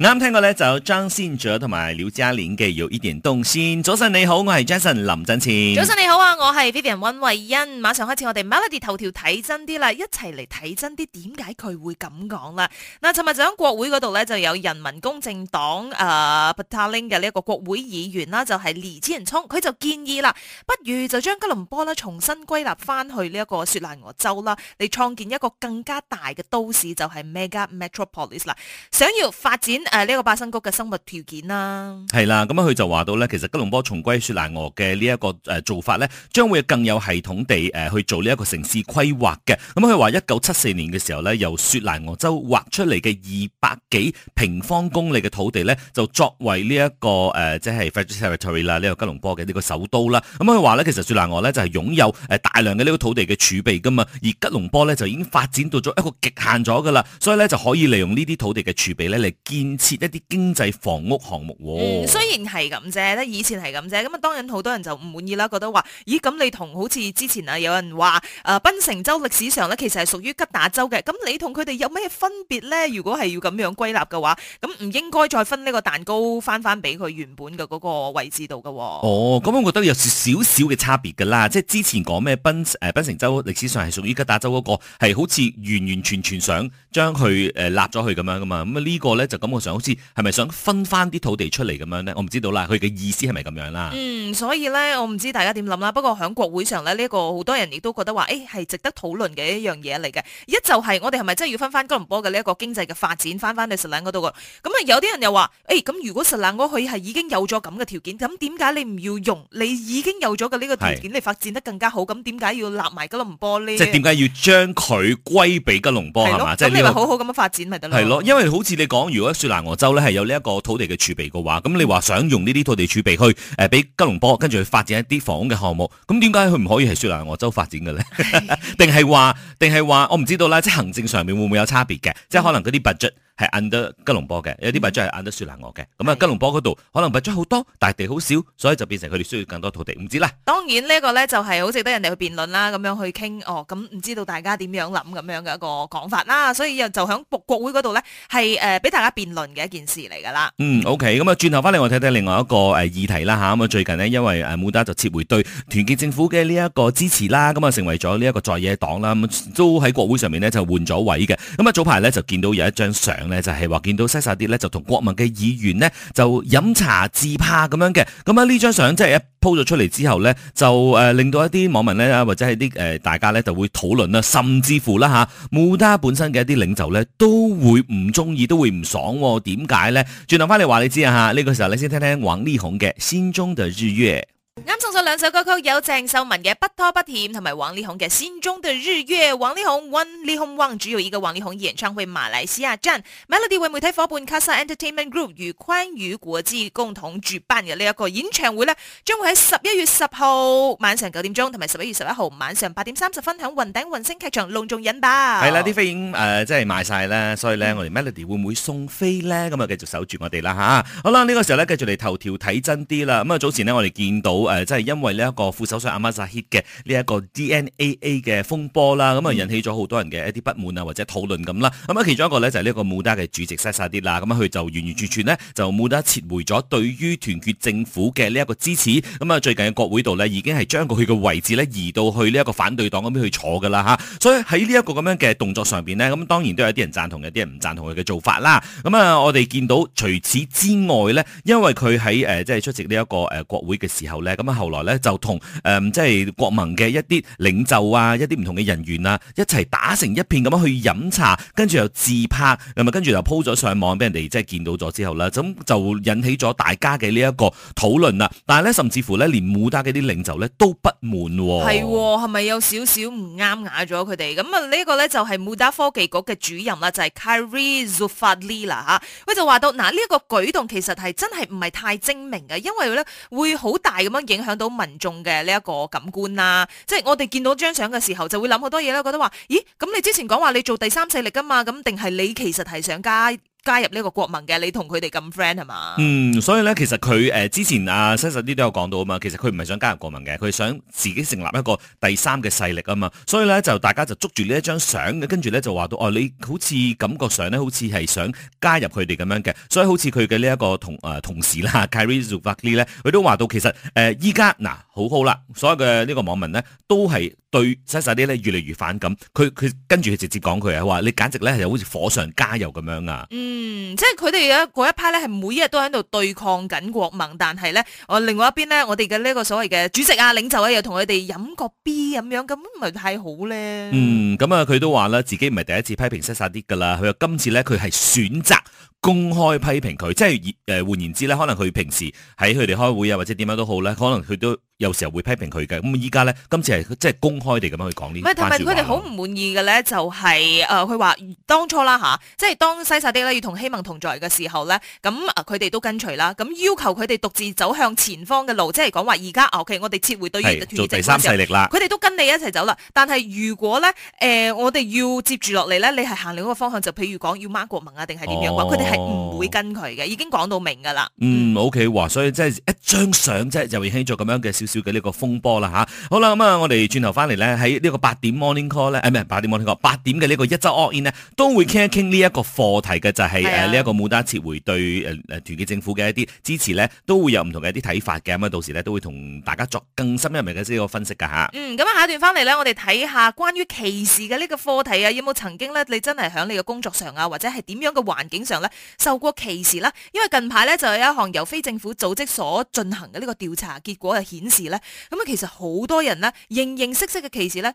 啱聽過咧就有張信哲同埋劉嘉玲嘅有一點動心：早晨你好，我係 Jason 林振前。早晨你好啊，我係 Vivian 溫慧欣。馬上開始我哋 melody 頭條睇真啲啦，一齊嚟睇真啲，點解佢會咁講啦？嗱，尋日就喺國會嗰度咧，就有人民公正黨誒 Petaling 嘅呢一個國會議員啦，就係、是、李子仁聰，佢就建議啦，不如就將吉隆坡啦重新歸納翻去呢一個雪蘭莪州啦，嚟創建一個更加大嘅都市，就係、是、mega metropolis 啦，想要發展。誒、啊，呢、這、一個巴生谷嘅生活條件啦，係啦，咁樣佢就話到咧，其實吉隆坡重歸雪蘭莪嘅呢一個誒、呃、做法咧，將會更有系統地誒、呃、去做呢一個城市規劃嘅。咁佢話一九七四年嘅時候咧，由雪蘭莪州劃出嚟嘅二百幾平方公里嘅土地咧，就作為呢、這、一個誒、呃，即係 Federal Territory 啦，呢個吉隆坡嘅呢個首都啦。咁佢話咧，其實雪蘭莪咧就係擁有誒大量嘅呢個土地嘅儲備噶嘛，而吉隆坡咧就已經發展到咗一個極限咗噶啦，所以咧就可以利用呢啲土地嘅儲備咧嚟建。設一啲經濟房屋項目喎、哦嗯。雖然係咁啫，咧以前係咁啫。咁啊，當然好多人就唔滿意啦，覺得話：咦，咁你同好似之前啊，有人話誒，檳、呃、檳城州歷史上咧，其實係屬於吉打州嘅。咁你同佢哋有咩分別咧？如果係要咁樣歸納嘅話，咁唔應該再分呢個蛋糕翻翻俾佢原本嘅嗰個位置度嘅、哦。哦，咁我覺得有少少嘅差別㗎啦、嗯。即係之前講咩檳檳城州歷史上係屬於吉打州嗰、那個，係好似完完全全想將佢誒立咗去咁樣㗎嘛。咁啊呢個咧就咁好似係咪想分翻啲土地出嚟咁樣咧？我唔知道啦，佢嘅意思係咪咁樣啦？嗯，所以咧，我唔知大家點諗啦。不過喺國會上咧，呢、這、一個好多人亦都覺得話，誒、欸，係值得討論嘅一樣嘢嚟嘅。一就係我哋係咪真係要分翻吉隆坡嘅呢一個經濟嘅發展翻翻去實蘭嗰度嘅？咁啊、嗯，有啲人又話，誒、欸，咁如果實蘭嗰去係已經有咗咁嘅條件，咁點解你唔要用你已經有咗嘅呢個條件你發展得更加好？咁點解要立埋吉隆坡呢？即係點解要將佢歸俾吉隆坡？」係嘛？即係你咪好好咁樣發展咪得咯？係咯，因為好似你講，如果南鵝洲咧係有呢一個土地嘅儲備嘅話，咁你話想用呢啲土地儲備去誒俾、呃、吉隆坡，跟住去發展一啲房嘅項目，咁點解佢唔可以係雪蘭莪州發展嘅咧？定係話定係話我唔知道啦，即行政上面會唔會有差別嘅？即係可能嗰啲 budget 係 under 吉隆坡嘅，有啲 budget 係 under 雪蘭莪嘅。咁、嗯、啊、嗯、吉隆坡嗰度可能 budget 好多，大地好少，所以就變成佢哋需要更多土地。唔知啦，當然呢個咧就係好值得人哋去辯論啦，咁樣去傾哦。咁唔知道大家點樣諗咁樣嘅一個講法啦？所以就響國會嗰度咧係誒俾大家辯論嘅一件事嚟噶啦，嗯，OK，咁啊，轉頭翻嚟我睇睇另外一個誒議題啦吓，咁啊最近呢，因為誒穆達就撤回對團結政府嘅呢一個支持啦，咁啊成為咗呢一個在野黨啦，咁都喺國會上面呢，就換咗位嘅，咁啊早排咧就見到有一張相呢，就係話見到西沙迪呢，就同國民嘅議員呢，就飲茶自拍咁樣嘅，咁啊呢張相即係一 po 咗出嚟之後呢，就誒令到一啲網民呢，或者係啲誒大家呢，就會討論啦，甚至乎啦嚇穆達本身嘅一啲領袖呢，都會唔中意，都會唔爽喎。點解咧？轉頭翻嚟話你知啊吓，呢、這個時候你先聽聽王力宏嘅《心中的日月》。啱送咗兩首歌曲，有鄭秀文嘅不拖不欠，同埋王力宏嘅心中的日月。王力宏 One 力宏 One，只有一個王力宏演唱會馬來西亞站，Melody 為媒體伙伴 Casa Entertainment Group 與寬宇國際共同主辦嘅呢一個演唱會咧，將會喺十一月十號晚上九點鐘，同埋十一月十一號晚上八點三十分喺雲頂雲星劇場隆重引爆。係啦，啲飛已經誒即係賣晒啦，所以呢，嗯、我哋 Melody 會唔會送飛呢？咁啊繼續守住我哋啦吓、啊。好啦，呢、這個時候呢，繼續嚟頭條睇真啲啦。咁啊早前呢，我哋見到。誒，即係因為呢一個副首相阿馬薩 hit 嘅呢一個 DNAA 嘅風波啦，咁啊引起咗好多人嘅一啲不滿啊，或者討論咁啦。咁啊，其中一個咧就係呢一個穆達嘅主席薩薩迪啦。咁佢就完完全全呢，就穆達撤回咗對於團結政府嘅呢一個支持。咁啊，最近嘅國會度呢，已經係將佢嘅位置呢移到去呢一個反對黨嗰邊去坐噶啦吓。所以喺呢一個咁樣嘅動作上邊呢，咁當然都有啲人贊同，有啲人唔贊同佢嘅做法啦。咁啊，我哋見到除此之外呢，因為佢喺誒即係出席呢一個誒國會嘅時候呢。咁啊，後來咧就同誒即係國民嘅一啲領袖啊，一啲唔同嘅人員啊，一齊打成一片咁樣去飲茶，跟住又自拍，咁啊，跟住又鋪咗上網俾人哋即係見到咗之後啦，咁就引起咗大家嘅呢一個討論啦。但係咧，甚至乎咧，連穆打嘅啲領袖咧都不滿喎。係喎，係咪有少少唔啱啞咗佢哋？咁啊，呢一個咧就係穆打科技局嘅主任啦，就係、是、Karezufali 啦吓。佢就話到嗱，呢一個舉動其實係真係唔係太精明嘅，因為咧會好大咁影響到民眾嘅呢一個感官啦，即係我哋見到張相嘅時候，就會諗好多嘢啦，覺得話，咦，咁你之前講話你做第三勢力噶嘛，咁定係你其實係想加。加入呢個國民嘅，你同佢哋咁 friend 係嘛？嗯，所以咧，其實佢誒、呃、之前阿、啊、西西啲都有講到啊嘛，其實佢唔係想加入國民嘅，佢想自己成立一個第三嘅勢力啊嘛。所以咧就大家就捉住呢一張相嘅，跟住咧就話到哦，你好似感覺上咧，好似係想加入佢哋咁樣嘅。所以好似佢嘅呢一個同誒、呃、同事啦，Karyzubaki 咧，佢 都話到其實誒依家嗱好好啦，所有嘅呢個網民咧都係對西西啲咧越嚟越反感。佢佢跟住佢直接講佢啊，話你簡直咧係好似火上加油咁樣啊。嗯嗯，即係佢哋一嗰一派咧，係每日都喺度對抗緊國盟。但係咧，我另外一邊咧，我哋嘅呢個所謂嘅主席啊、領袖呀、啊，又同佢哋飲個 B 咁樣，咁唔係太好咧。嗯，咁啊，佢都話啦，自己唔係第一次批評失薩啲噶啦，佢話今次咧，佢係選擇公開批評佢，即係，誒、呃，換言之咧，可能佢平時喺佢哋開會啊，或者點樣都好咧，可能佢都。有時候會批評佢嘅，咁依家咧，今次係即係公開地咁樣去講呢？唔係，但佢哋好唔滿意嘅咧、就是，就係誒佢話當初啦嚇、啊，即係當西曬啲咧，要同希盟同在嘅時候咧，咁啊佢哋都跟隨啦，咁、啊、要求佢哋獨自走向前方嘅路，即係講話而家 O K，我哋撤回對於嘅話，做第三勢力啦，佢哋都跟你一齊走啦。但係如果咧誒、呃，我哋要接住落嚟咧，你係行另一個方向，就譬如講要掹國盟啊，定係點樣？佢哋係唔會跟佢嘅，已經講到明㗎啦。嗯，O K，話所以即係一張相即係就會牽咗咁樣嘅小。少嘅呢個風波啦嚇，好啦咁啊，我哋轉頭翻嚟咧，喺呢個八點 Morning Call 咧，誒唔係八點 Morning Call，八點嘅呢個一週 all in 咧，都會傾一傾呢一個課題嘅，就係誒呢一個冇得撤回對誒誒團結政府嘅一啲支持咧，都會有唔同嘅一啲睇法嘅，咁啊到時咧都會同大家作更深一層嘅呢個分析噶嚇。嗯，咁啊下一段翻嚟咧，我哋睇下關於歧視嘅呢個課題啊，有冇曾經咧你真係喺你嘅工作上啊，或者係點樣嘅環境上咧受過歧視啦。因為近排咧就有一項由非政府組織所進行嘅呢個調查結果就顯時咧，咁啊，其實好多人咧，形形色色嘅歧視咧。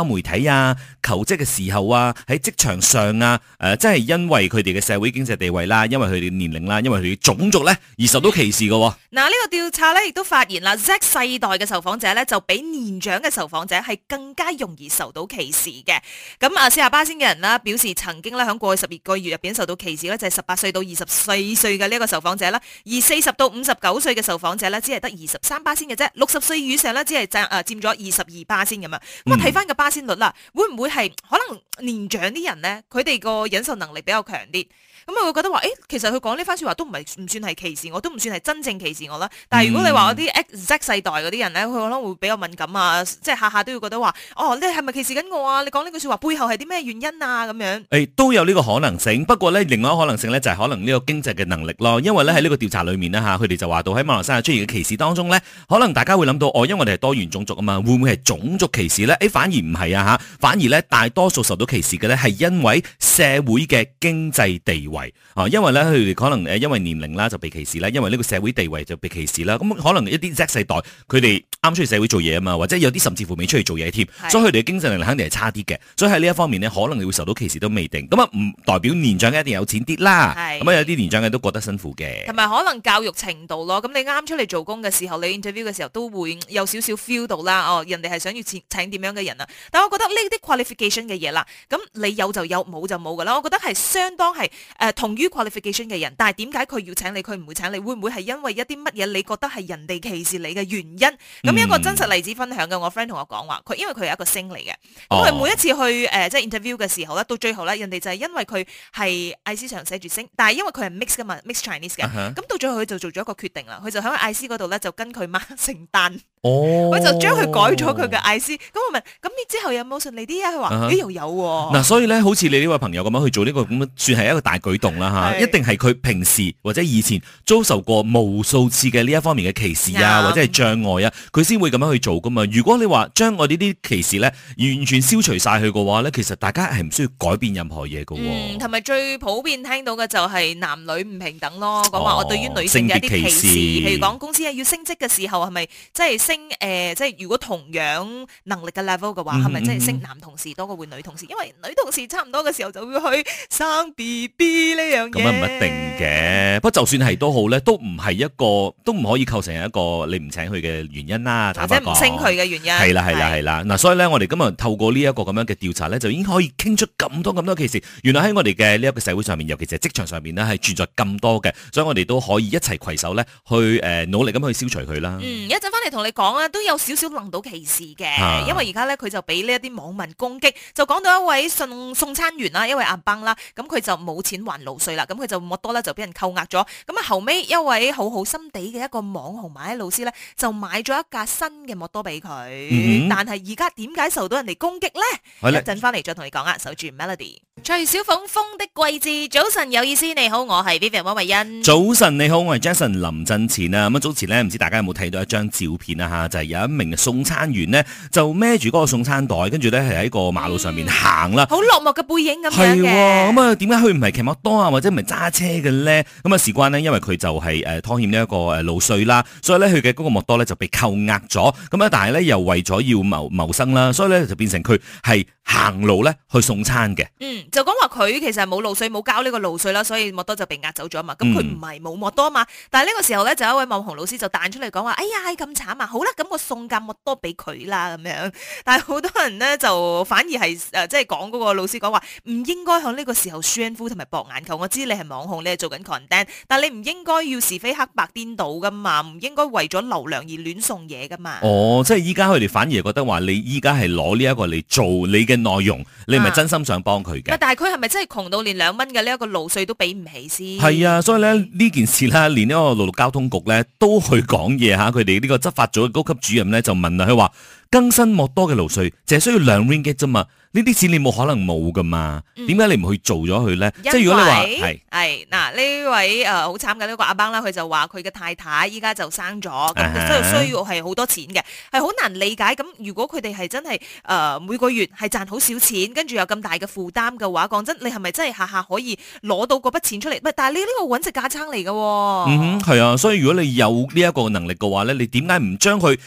媒體啊，求職嘅時候啊，喺職場上啊，誒、呃，真係因為佢哋嘅社會經濟地位啦、啊，因為佢哋年齡啦、啊，因為佢哋種族咧、啊，而受到歧視嘅、啊。嗱、嗯，呢、這個調查咧，亦都發現啦，Z 世代嘅受訪者咧，就比年長嘅受訪者係更加容易受到歧視嘅。咁啊，四十八巴仙嘅人啦，表示曾經咧響過去十二個月入邊受到歧視咧，就係十八歲到二十四歲嘅呢一個受訪者啦。而四十到五十九歲嘅受訪者呢，只係得二十三巴仙嘅啫。六十歲以上呢，只係佔誒佔咗二十二巴仙咁啊。咁、呃、啊，睇翻個巴仙。先率啦，會唔會係可能年長啲人咧？佢哋個忍受能力比較強啲。咁啊，會覺得話，誒，其實佢講呢番說話都唔係唔算係歧視我，我都唔算係真正歧視我啦。但係如果你話我啲 X 世代嗰啲人咧，佢可能會比較敏感啊，即係下下都會覺得話，哦，你係咪歧視緊我啊？你講呢句說話背後係啲咩原因啊？咁樣誒，都有呢個可能性。不過咧，另外一個可能性咧就係可能呢個經濟嘅能力咯。因為咧喺呢個調查裏面呢，吓，佢哋就話到喺馬來西亞出現嘅歧視當中咧，可能大家會諗到哦，因為我哋係多元種族啊嘛，會唔會係種族歧視咧？誒，反而唔係啊吓，反而咧大多數受到歧視嘅咧係因為社會嘅經濟地位。位啊，因為咧佢哋可能誒，因為年齡啦就被歧視啦，因為呢個社會地位就被歧視啦。咁可能一啲 Z 世代佢哋啱出嚟社會做嘢啊嘛，或者有啲甚至乎未出嚟做嘢添，所以佢哋嘅經濟能力肯定係差啲嘅。所以喺呢一方面呢，可能你會受到歧視都未定。咁啊，唔代表年長嘅一定有錢啲啦。係咁啊，有啲年長嘅都覺得辛苦嘅。同埋可能教育程度咯。咁你啱出嚟做工嘅時候，你 interview 嘅時候都會有少少 feel 到啦。哦，人哋係想要請點樣嘅人啊。但係我覺得呢啲 qualification 嘅嘢啦，咁你有就有，冇就冇噶啦。我覺得係相當係。誒、呃、同於 qualification 嘅人，但係點解佢要請你，佢唔會請你？會唔會係因為一啲乜嘢？你覺得係人哋歧視你嘅原因？咁、嗯、一個真實例子分享嘅，我 friend 同我講話，佢因為佢係一個星嚟嘅、哦，因為每一次去誒即係 interview 嘅時候咧，到最後咧，人哋就係因為佢係 IC 上寫住星，但係因為佢係 mixed 嘅嘛 mixed Chinese 嘅，咁、uh -huh. 到最後佢就做咗一個決定啦，佢就喺 IC 嗰度咧就跟佢媽成單。哦，佢就將佢改咗佢嘅 IC，咁我問，咁你之後有冇順利啲、uh -huh. 啊？佢話咦又有喎。嗱，所以咧，好似你呢位朋友咁樣去做呢、這個咁算係一個大舉動啦吓、啊，一定係佢平時或者以前遭受過無數次嘅呢一方面嘅歧視啊，yeah. 或者係障礙啊，佢先會咁樣去做噶嘛。如果你話將我呢啲歧視咧，完全消除晒去嘅話咧，其實大家係唔需要改變任何嘢噶、啊。嗯，同埋最普遍聽到嘅就係男女唔平等咯，講話我對於女性有啲歧視，譬、oh, 如講公司啊要升職嘅時候係咪即係？是升誒，即係如果同樣能力嘅 level 嘅話，係咪真係升男同事多過會女同事？因為女同事差唔多嘅時候就會去生 B B 呢樣嘢。咁啊，唔一定嘅。不過就算係都好咧，都唔係一個，都唔可以構成一個你唔請佢嘅原因啦。或者唔請佢嘅原因。係啦，係啦，係啦。嗱，所以咧，我哋今日透過呢一個咁樣嘅調查咧，就已經可以傾出咁多咁多件事。原來喺我哋嘅呢一個社會上面，尤其是係職場上面咧，係存在咁多嘅。所以我哋都可以一齊携手咧，去誒努力咁去消除佢啦。嗯，一陣翻嚟同你講。講啊，都有少少令到歧視嘅，因為而家咧，佢就俾呢一啲網民攻擊，就講到一位送送餐員啦，一位阿邦啦，咁佢就冇錢還路稅啦，咁佢就摩多咧就俾人扣押咗，咁啊後尾一位好好心地嘅一個網紅賣呢老師咧，就買咗一架新嘅摩多俾佢，mm -hmm. 但係而家點解受到人哋攻擊咧？我一陣翻嚟再同你講啊，守住 Melody。隨小風風的季節，早晨有意思。你好，我係 Vivian 溫慧欣。早晨你好，我係 Jason 林振前啊。咁、嗯、啊，早前咧，唔知道大家有冇睇到一張照片啊？吓，就係、是、有一名送餐員呢，就孭住嗰個送餐袋，跟住咧係喺個馬路上面行啦。好、嗯、落寞嘅背影咁樣嘅。係喎、哦，咁、嗯、啊，點解佢唔係騎摩托啊，或者唔係揸車嘅咧？咁、嗯、啊，事關呢，因為佢就係誒拖欠呢一個誒路稅啦，所以咧佢嘅嗰個摩托咧就被扣押咗。咁啊，但係咧又為咗要謀謀生啦，所以咧就變成佢係行路咧去送餐嘅。嗯。就講話佢其實冇路稅冇交呢個路稅啦，所以默多就被壓走咗啊嘛。咁佢唔係冇默多啊嘛，但係呢個時候咧就有一位網紅老師就彈出嚟講話，哎呀，咁慘啊！好啦，咁我送架默多俾佢啦咁樣。但係好多人咧就反而係誒，即係講嗰個老師講話，唔應該喺呢個時候宣傳，同埋博眼球。我知你係網紅，你係做緊 content，但係你唔應該要是非黑白顛倒噶嘛，唔應該為咗流量而亂送嘢噶嘛。哦，即係依家佢哋反而覺得話你依家係攞呢一個嚟做你嘅內容，你唔係真心想幫佢嘅？但係佢係咪真係窮到連兩蚊嘅呢一個路稅都俾唔起先？係啊，所以咧呢件事咧，連呢個陸路交通局咧都去講嘢吓，佢哋呢個執法組嘅高級主任咧就問啦佢話。更新莫多嘅路稅，淨係需要兩 ringgit 啫嘛。呢啲錢你冇可能冇噶嘛？點解你唔去做咗佢咧？即係如果你話係係嗱呢位誒好慘嘅呢個阿邦啦，佢就話佢嘅太太依家就生咗，咁、啊、所以需要係好多錢嘅，係好難理解。咁如果佢哋係真係誒、呃、每個月係賺好少錢，跟住有咁大嘅負擔嘅話，講真的，你係咪真係下下可以攞到嗰筆錢出嚟？唔但係你呢個搵食架撐嚟噶。嗯，係啊，所以如果你有呢一個能力嘅話咧，你點解唔將佢？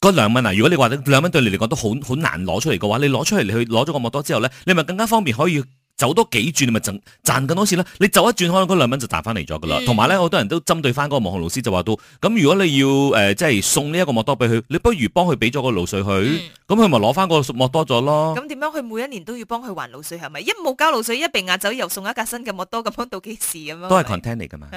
嗰兩蚊啊！如果你話兩蚊對你嚟講都好好難攞出嚟嘅話，你攞出嚟你去攞咗個摩多之後咧，你咪更加方便可以。走多幾轉你咪賺賺緊多錢啦！你走一轉可能嗰兩蚊就賺翻嚟咗噶啦。嗯、同埋咧，好多人都針對翻嗰個網紅老師就話到，咁如果你要誒、呃、即係送呢一個莫多俾佢，你不如幫佢俾咗個路稅佢，咁佢咪攞翻嗰個莫多咗咯？咁點樣？佢每一年都要幫佢還路稅係咪？一冇交路稅，一被壓走又送一架新嘅莫多咁樣倒幾時咁啊？都係 containing 㗎嘛，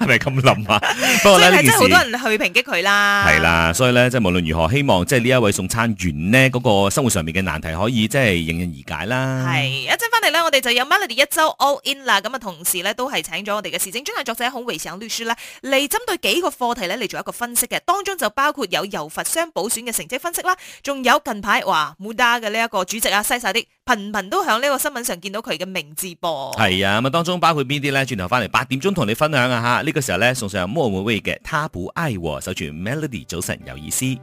係咪咁諗啊？不過真係好多人去抨擊佢啦。係啦，所以咧即係無論如何，希望即係呢一位送餐員呢，嗰、那個生活上面嘅難題可以即係迎刃而解啦。係.翻嚟咧，我哋就有 Melody 一周 All In 啦，咁啊同時咧都係請咗我哋嘅時政專欄作者孔維成律師咧嚟針對幾個課題咧嚟做一個分析嘅，當中就包括有柔佛雙補選嘅成績分析啦，仲有近排話 Muda 嘅呢一個主席啊賽沙迪，頻頻都響呢個新聞上見到佢嘅名字噃。係啊，咁啊當中包括邊啲咧？轉頭翻嚟八點鐘同你分享啊吓，呢個時候咧送上有莫文蔚嘅他不愛我，守住 Melody 早晨有意思。